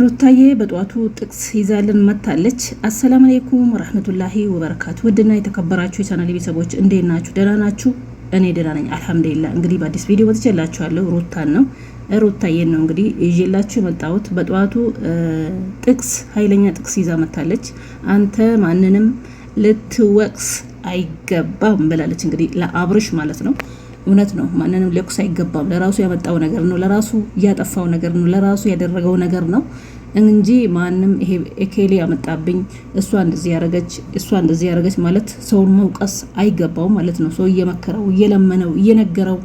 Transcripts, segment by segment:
ሩታዬ በጠዋቱ ጥቅስ ይዛልን መታለች። አሰላሙ አለይኩም ወራህመቱላሂ ወበረካቱ። ውድና የተከበራችሁ የቻናል ቤተሰቦች እንዴት ናችሁ? ደህና ናችሁ? እኔ ደህና ነኝ አልሐምዱሊላ። እንግዲህ በአዲስ ቪዲዮ ወጥቼላችኋለሁ። ሩታን ነው ሩታዬን ነው እንግዲህ ይዤላችሁ የመጣሁት። በጠዋቱ ጥቅስ፣ ኃይለኛ ጥቅስ ይዛ መታለች። አንተ ማንንም ልትወቅስ አይገባም ብላለች። እንግዲህ ለአብርሽ ማለት ነው እውነት ነው። ማንንም ሊያኩስ አይገባም። ለራሱ ያመጣው ነገር ነው፣ ለራሱ ያጠፋው ነገር ነው፣ ለራሱ ያደረገው ነገር ነው እንጂ ማንም ይሄ ኤኬሌ ያመጣብኝ እሷ እንደዚህ ያደረገች እሷ እንደዚህ ያደረገች ማለት ሰውን መውቀስ አይገባው ማለት ነው። ሰው እየመከረው እየለመነው እየነገረው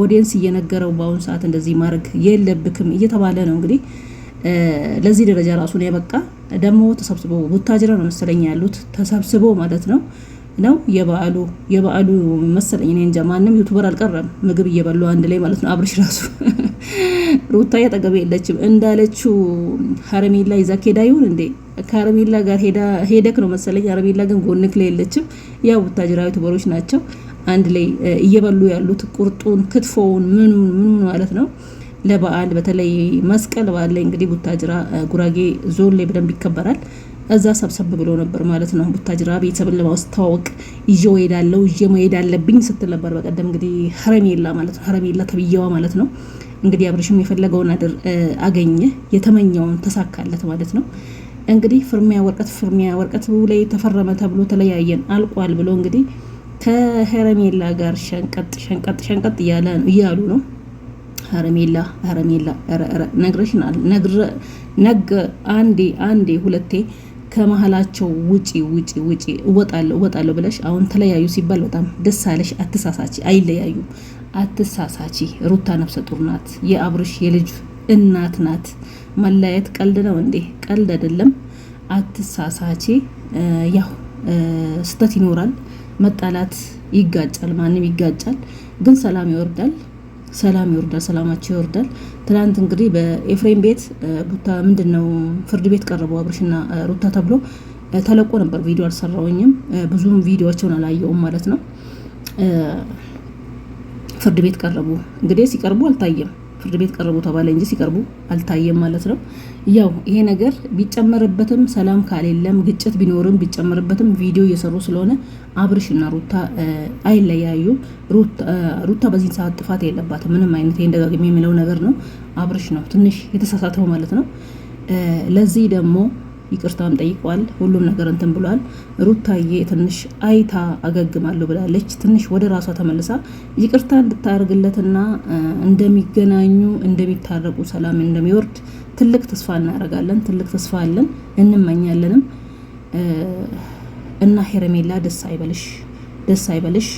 ኦዲየንስ እየነገረው በአሁኑ ሰዓት እንደዚህ ማድረግ የለብክም እየተባለ ነው እንግዲህ ለዚህ ደረጃ ራሱን ያበቃ ደግሞ ተሰብስቦ ቡታጅራ ነው መሰለኝ ያሉት ተሰብስቦ ማለት ነው ነው የበዓሉ የበዓሉ መሰለኝ እኔ እንጃ፣ ማንም ዩቱበር አልቀረም ምግብ እየበሉ አንድ ላይ ማለት ነው። አብርሽ ራሱ ሩታ ያጠገብ የለችም እንዳለችው ሀረሜላ ይዛ ኬዳ ይሁን እንዴ ከሀረሜላ ጋር ሄደክ ነው መሰለኝ። ሀረሜላ ግን ጎንክ ላይ የለችም። ያው ቡታጅራዊ ዩቱበሮች ናቸው አንድ ላይ እየበሉ ያሉት ቁርጡን፣ ክትፎውን፣ ምኑን ምኑን ማለት ነው ለበዓል በተለይ መስቀል በዓል ላይ እንግዲህ ቡታጅራ ጉራጌ ዞን ላይ በደንብ ይከበራል። እዛ ሰብሰብ ብሎ ነበር ማለት ነው። ቡታጅራ ቤተሰብን ለማስተዋወቅ ይዤ እሄዳለሁ ይዤ መሄድ አለብኝ ስትል ነበር በቀደም እንግዲህ ሀረሜላ ማለት ነው ሀረሜላ ተብዬዋ ማለት ነው። እንግዲህ አብርሽም የፈለገውን አገኘ፣ የተመኘውን ተሳካለት ማለት ነው። እንግዲህ ፍርሚያ ወረቀት ፍርሚያ ወረቀቱ ላይ ተፈረመ ተብሎ ተለያየን አልቋል ብሎ እንግዲህ ከሀረሜላ ጋር ሸንቀጥ ሸንቀጥ ሸንቀጥ እያሉ ነው። ሀረሜላ ሀረሜላ ነግረሽናል፣ ነግ አንዴ አንዴ ሁለቴ ከመሀላቸው ውጪ ውጪ ውጪ እወጣለሁ እወጣለሁ ብለሽ አሁን ተለያዩ ሲባል በጣም ደስ አለሽ። አትሳሳቺ፣ አይለያዩ፣ አትሳሳቺ። ሩታ ነፍሰ ጡር ናት። የአብርሽ የልጅ እናት ናት። መለያየት ቀልድ ነው እንዴ? ቀልድ አይደለም። አትሳሳቺ። ያው ስህተት ይኖራል። መጣላት ይጋጫል። ማንም ይጋጫል፣ ግን ሰላም ይወርዳል። ሰላም ይወርዳል፣ ሰላማቸው ይወርዳል። ትናንት እንግዲህ በኤፍሬም ቤት ሩታ ምንድን ነው ፍርድ ቤት ቀረበው አብርሽና ሩታ ተብሎ ተለቆ ነበር። ቪዲዮ አልሰራውኝም ብዙም ቪዲዮቸውን አላየውም ማለት ነው። ፍርድ ቤት ቀረቡ እንግዲህ ሲቀርቡ አልታየም። ፍርድ ቤት ቀረቡ ተባለ እንጂ ሲቀርቡ አልታየም ማለት ነው። ያው ይሄ ነገር ቢጨመርበትም ሰላም ካሌለም ግጭት ቢኖርም ቢጨመርበትም ቪዲዮ እየሰሩ ስለሆነ አብርሽና ሩታ አይለያዩ። ሩታ በዚህ ሰዓት ጥፋት የለባት ምንም አይነት ይሄን ደጋግሜ የሚለው ነገር ነው። አብርሽ ነው ትንሽ የተሳሳተው ማለት ነው። ለዚህ ደግሞ ይቅርታም ጠይቋል። ሁሉም ነገር እንትን ብሏል። ሩታዬ ትንሽ አይታ አገግማለሁ ብላለች። ትንሽ ወደ ራሷ ተመልሳ ይቅርታ እንድታደርግለትና እንደሚገናኙ እንደሚታረቁ፣ ሰላም እንደሚወርድ ትልቅ ተስፋ እናደርጋለን። ትልቅ ተስፋ አለን እንመኛለንም እና ሄረሜላ ደስ አይበልሽ፣ ደስ አይበልሽ።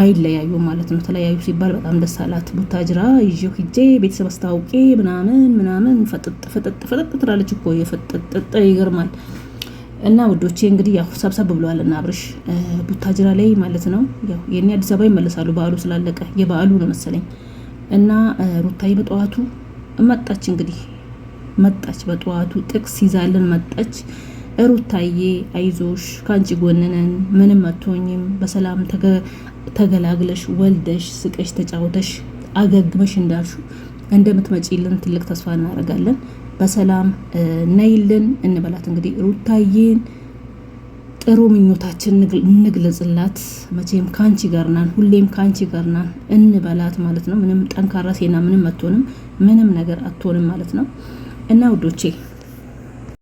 አይለያዩ ማለት ነው። ተለያዩ ሲባል በጣም ደስ አላት። ቡታጅራ ይዤው ሂጄ ቤተሰብ አስታውቄ ምናምን ምናምን ፈጥጥ ፈጥጥ ፈጠጥ ትላለች እኮ የፈጥጥ ይገርማል። እና ውዶቼ እንግዲህ ያው ሰብሰብ ብለዋል እና አብርሽ ቡታጅራ ላይ ማለት ነው። ያው የኔ አዲስ አበባ ይመለሳሉ በዓሉ ስላለቀ የበዓሉ ነው መሰለኝ። እና ሩታዬ በጠዋቱ መጣች እንግዲህ መጣች በጠዋቱ ጥቅስ ይዛልን መጣች። ሩታዬ አይዞሽ፣ ከአንቺ ጎንነን፣ ምንም አትሆኝም፣ በሰላም ተገላግለሽ ወልደሽ ስቀሽ ተጫውተሽ አገግመሽ እንዳልሹ እንደምትመጪልን ትልቅ ተስፋ እናደርጋለን። በሰላም ነይልን እንበላት። እንግዲህ ሩታዬን ጥሩ ምኞታችን እንግለጽላት። መቼም ከአንቺ ጋር ናን፣ ሁሌም ከአንቺ ጋር ናን እንበላት ማለት ነው። ምንም ጠንካራ ሴና ምንም አትሆንም፣ ምንም ነገር አትሆንም ማለት ነው እና ውዶቼ